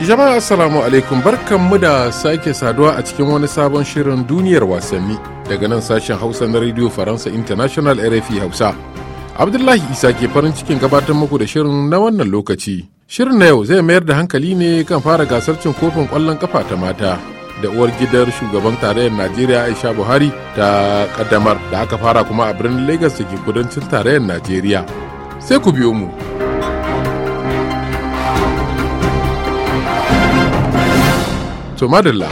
jama'a assalamu alaikum barkan mu da sake saduwa a cikin wani sabon shirin duniyar wasanni daga nan sashen hausa na radio faransa international rfi hausa abdullahi isa ke farin cikin gabatar muku da shirin na wannan lokaci shirin na yau zai mayar da hankali ne kan fara gasar cin kofin kwallon kafa ta mata da uwar gidar shugaban tarayyar najeriya aisha buhari ta kaddamar da aka fara kuma a birnin lagos da ke kudancin tarayyar najeriya sai ku biyo mu to madalla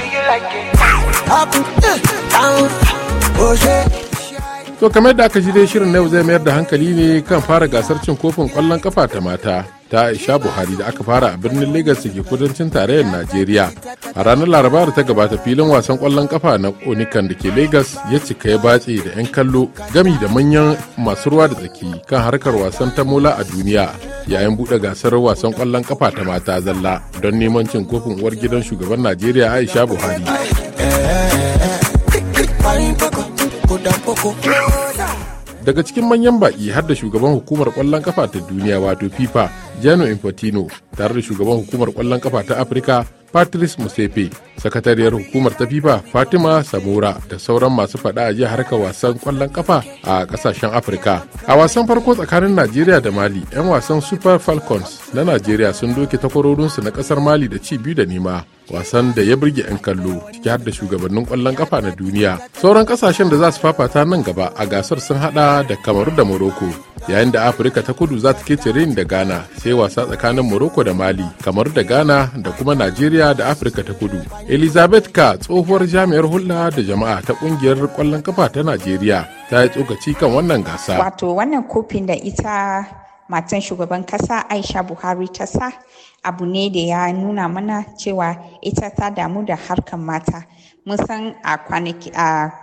to kamar da aka ji dai shirin na yau zai mayar da hankali ne kan fara gasar cin kofin kwallon kafa ta mata ta aisha buhari da aka fara a birnin lagos da ke kudancin tarayyar najeriya a ranar laraba da ta gabata filin wasan kwallon kafa na onikan da ke lagos ya cika ya batse da 'yan kallo gami da manyan masu ruwa da tsaki kan harkar wasan ta mola a duniya yayin buɗe gasar wasan kwallon kafa ta mata zalla don neman cin kofin uwar gidan shugaban najeriya aisha buhari daga cikin manyan baƙi har da shugaban hukumar kwallon kafa ta duniya wato fifa Jano Infantino tare da shugaban hukumar kwallon kafa ta Afirka Patrice Musepe, sakatariyar hukumar ta FIFA Fatima Samura da sauran masu faɗa a jihar harkar wasan kwallon kafa a ƙasashen Afirka. A wasan farko tsakanin Najeriya da Mali, 'yan wasan Super Falcons na Najeriya sun doke takwarorinsu na ƙasar Mali da ci biyu da nema. wasan da ya burge 'yan kallo ciki har da shugabannin kwallon kafa na duniya sauran kasashen da za su fafata nan gaba a gasar sun hada da kamaru da morocco yayin da afirka ta kudu za ta kece da ghana sai ta wasa tsakanin Morocco da Mali, kamar da Ghana da kuma Najeriya da Afirka ta Kudu. Elizabeth Ka tsohuwar jami'ar hulɗa da jama'a ta ƙungiyar kwallon kafa ta Najeriya ta yi tsokaci kan wannan gasa. Wato wannan kofin da ita matan shugaban kasa aisha buhari ta sa abu ne da ya nuna mana cewa ita ta damu da harkar mata mun san a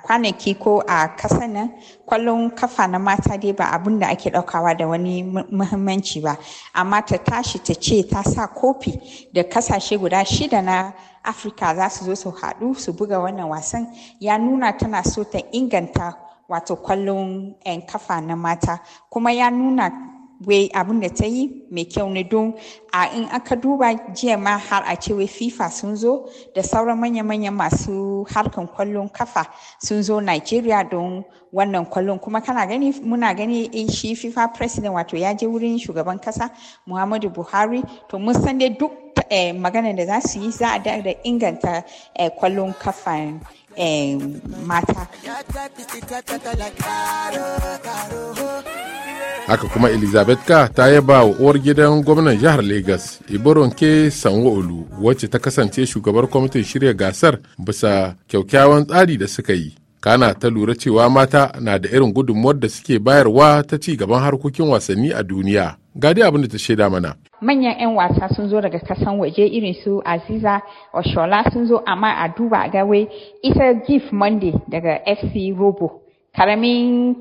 kwanaki ko a kasa nan kwallon kafa na mata dai ba abin da ake daukawa da wani muhimmanci ba amma ta tashi ta ce ta sa kofi da kasashe guda shida na afirka za su zo su haɗu su buga wannan wasan ya nuna tana so ta inganta wato kwallon eh, kafa na mata kuma ya nuna wai abin da ta yi mai kyau ne don a in aka duba jiya ma har a ce wai fifa sun zo da sauran manya-manyan masu harkan kwallon kafa sun zo nigeria don wannan kwallon kuma kana gani muna gani a eh, shi fifa president wato ya je wurin shugaban kasa muhammadu buhari to mun san dai duk eh, magana da za su yi za a da inganta eh, kwallon kafa Eh, haka kuma elizabeth ka ta yaba wa uwar gidan gwamnan jihar lagos ke sanwo-olu wacce ta kasance shugabar kwamitin shirya gasar bisa kyaukyawan tsari da suka yi kana ta lura cewa mata na da irin gudunmuwar da suke bayarwa ta ci gaban harkokin wasanni a duniya gadi abin da ta shaida mana manyan 'yan wasa sun zo daga kasan waje irin su aziza oshola sun zo amma a duba isa gif monday daga fc robo karamin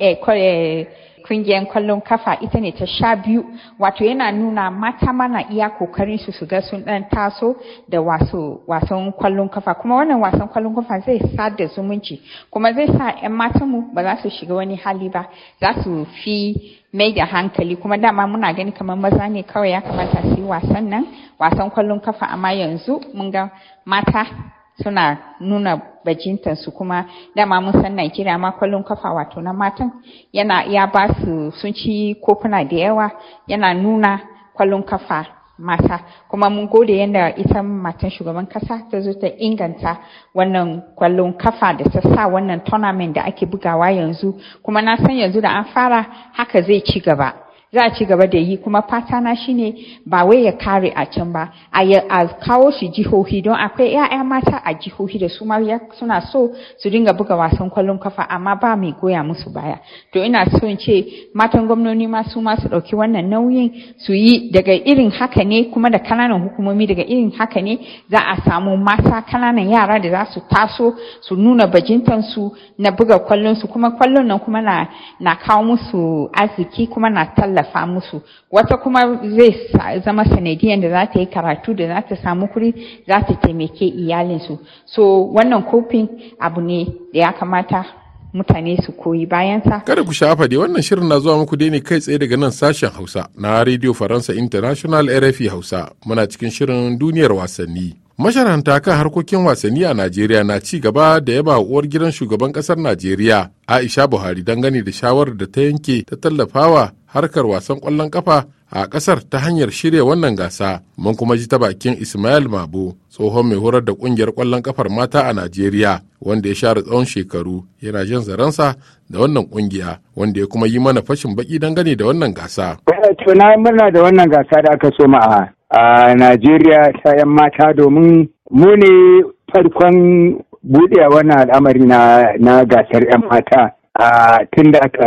eh, eh, kungiyar kwallon kafa ita ne ta sha biyu wato yana nuna mata mana iya kokarin su su ga sun dan taso da wasan kwallon kafa kuma wannan wasan kwallon kafa zai sa da zumunci kuma zai sa yan matan mu ba za su shiga wani hali ba za su fi mai da hankali kuma dama muna gani kamar maza ne kawai ya kamata su yi wasan nan wasan kwallon kafa amma yanzu mun ga mata suna nuna bajintan su kuma dama mun san Najeriya ma kwallon kafa wato na matan yana ya ba su sun ci kofuna da yawa yana nuna kwallon kafa mata kuma mun gode yadda ita matan shugaban kasa ta zo ta inganta wannan kwallon kafa da ta sa wannan tournament da ake bugawa yanzu kuma na san yanzu da an fara haka zai ci gaba za a ci gaba da yi kuma fata na shine ba wai ya kare a can ba a kawo shi jihohi don akwai 'ya'ya mata a jihohi da su ma suna so su dinga buga wasan kwallon kafa amma ba mai goya musu baya to ina so in ce matan gwamnoni ma su ma su ɗauki wannan nauyin su yi daga irin haka ne kuma da kananan hukumomi daga irin haka ne za a samu mata kananan yara da za su taso su nuna bajintansu na buga kwallon su kuma kwallon nan kuma na, kawo musu arziki kuma na tallafa tallafa musu wata kuma zai zama sanadiyar da za ta yi karatu da za ta samu kuri za ta taimake iyalinsu so wannan coping abu ne da ya kamata mutane su koyi bayansa. Kada ku shafa dai wannan shirin na zuwa muku ne kai tsaye daga nan sashen Hausa na Radio Faransa International RFI Hausa muna cikin shirin duniyar wasanni. masharanta kan harkokin wasanni a najeriya na ci gaba da yaba uwar gidan shugaban kasar najeriya aisha buhari dangane da shawarar da ta yanke ta tallafawa harkar wasan kwallon kafa a kasar ta hanyar shirya wannan gasa mun kuma ji ta bakin ismail mabu tsohon mai horar da kungiyar kwallon kafar mata a najeriya wanda ya share tsawon shekaru yana jan zaransa da wannan kungiya wanda ya kuma yi mana fashin baki dangane da wannan gasa. Eh, na murna da wannan gasa da aka so a a Najeriya ta 'yan mata domin mu ne farkon buɗe wannan al'amari na gasar 'yan mata tun da aka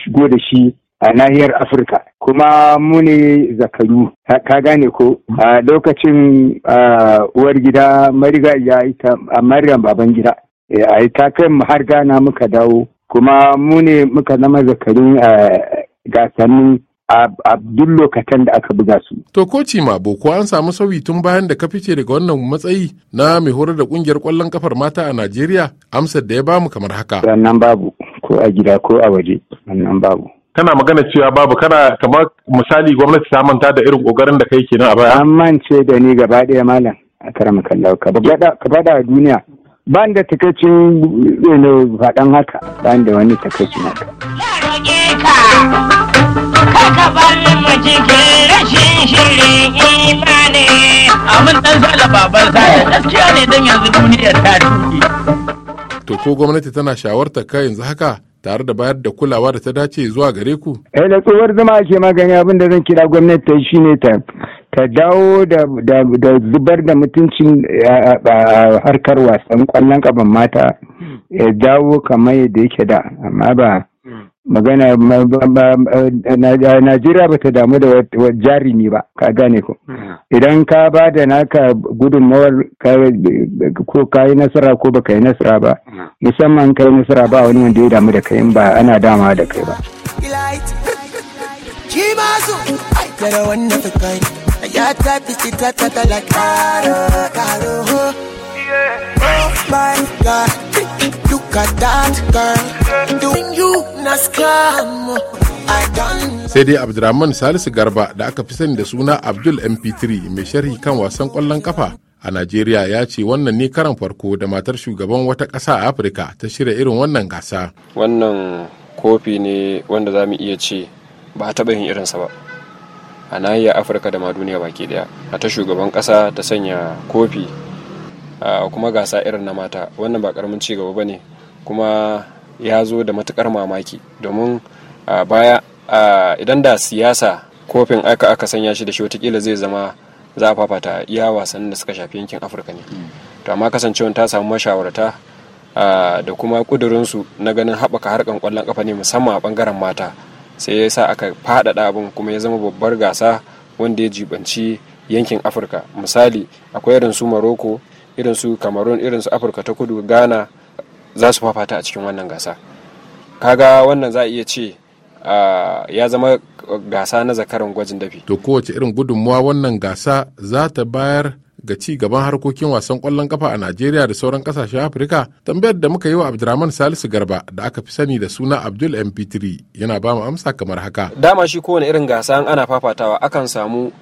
shigo da shi a nahiyar Afirka kuma mu ne ka gane ko a lokacin uwar gida mariga ya ita a Maryam baban gida eh, a ta kai mu har gana muka dawo kuma mu muka zama zakarun eh, gasannin a duk lokacin da aka buga su. To koci ma boko an samu sauyi tun bayan da ka fice daga wannan matsayi na mai horar da kungiyar kwallon kafar mata a Najeriya amsar da ya bamu kamar haka. Wannan babu ko a gida ko a waje wannan babu. Kana magana cewa babu kana kamar misali gwamnati ta manta da irin kokarin da kai kenan a baya. An mance da ni gaba ɗaya malam a mu kallawa ka bada a duniya. Ba da takaicin eh, faɗan haka ba da wani takaicin haka. ka to ko gwamnati tana shawarta ka yanzu haka tare da bayar da kulawa da ta dace zuwa gare ku? Eh da tsohuwar zama ake magani abin da zan kira gwamnati ta shi ne ta ta dawo da zubar da mutuncin harkar wasan kwallon kaban mata ya dawo kamar yadda yake da amma ba magana Najeriya ba ta damu da jarumi ba ka gane ko hmm. idan ka ba da naka gudunmawar ko ka yi nasara ko ba ka yi nasara ba hmm. musamman ka yi nasara ba wani wanda ya damu da kai ba ana dama da kai ba oh my god sai dai abdulrahman salisu garba da aka fi sani da suna abdul mp3 mai sharhi kan wasan kwallon kafa a najeriya ya ce wannan ne karan farko da matar shugaban wata kasa a afirka ta shirya irin wannan gasa wannan kofi ne wanda za mu iya ce ba a taɓa yin irinsa ba a nahiyar afirka da ma duniya baki daya a ta shugaban ƙasa ta sanya kofi kuma gasa irin na mata wannan ba karamin ci gaba ba ne kuma ya zo da matukar mamaki domin a baya idan da siyasa kofin aka aka sanya shi da shi watakila zai zama za a fafata iya wasan da suka shafi yankin afirka ne to amma kasancewar ta samu mashawarta da kuma kudurinsu na ganin haɓaka harkan kwallon kafa ne musamman a bangaren mata sai ya sa aka faɗaɗa abin kuma ya zama babbar gasa wanda ya jibanci yankin afirka misali akwai irin su maroko irin su cameroon irin su afirka ta kudu ghana za su fafata a cikin wannan gasa kaga wannan za a iya ce ya zama gasa na zakaran gwajin dafi to kowace irin gudunmuwa wannan gasa za ta bayar ga ci gaban harkokin wasan kwallon kafa a Najeriya da sauran kasashen Afirka tambayar da muka yi wa Abdulrahman Salisu Garba da aka fi sani da suna Abdul MP3 yana ba mu amsa kamar haka. Dama shi kowane irin gasa ana fafatawa akan samu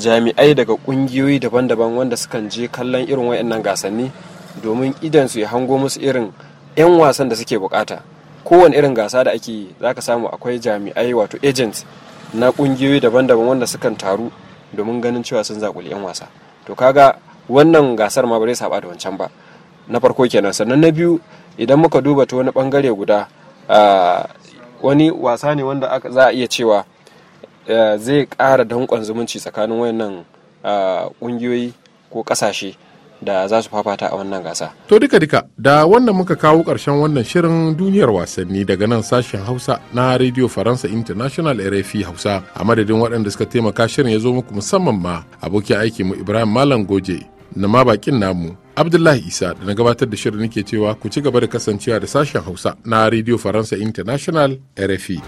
jami'ai daga kungiyoyi daban-daban wanda sukan je kallon irin wayannan gasanni domin idan su ya hango musu irin 'yan wasan da suke bukata kowane irin gasa da ake yi za ka samu akwai jami'ai wato agents na kungiyoyi daban-daban wanda sukan taru domin ganin cewa sun zakuli 'yan wasa to kaga wannan gasar ma ba zai saba da wancan ba na farko kenan sannan na biyu idan muka duba ta wani bangare guda wani wasa ne wanda za a iya cewa eh, zai ƙara danƙon zumunci tsakanin wayannan ƙungiyoyi ko ƙasashe da za su fafata a wannan gasa. To duka duka da wannan muka kawo ƙarshen wannan shirin duniyar wasanni daga nan sashen Hausa na Radio Faransa International RFI Hausa a madadin waɗanda suka taimaka shirin ya zo muku musamman ma abokin aiki mu Ibrahim Malam Goje na ma bakin namu Abdullahi Isa da na gabatar da shirin nake cewa ku ci gaba da kasancewa da sashen Hausa na Radio Faransa International RFI.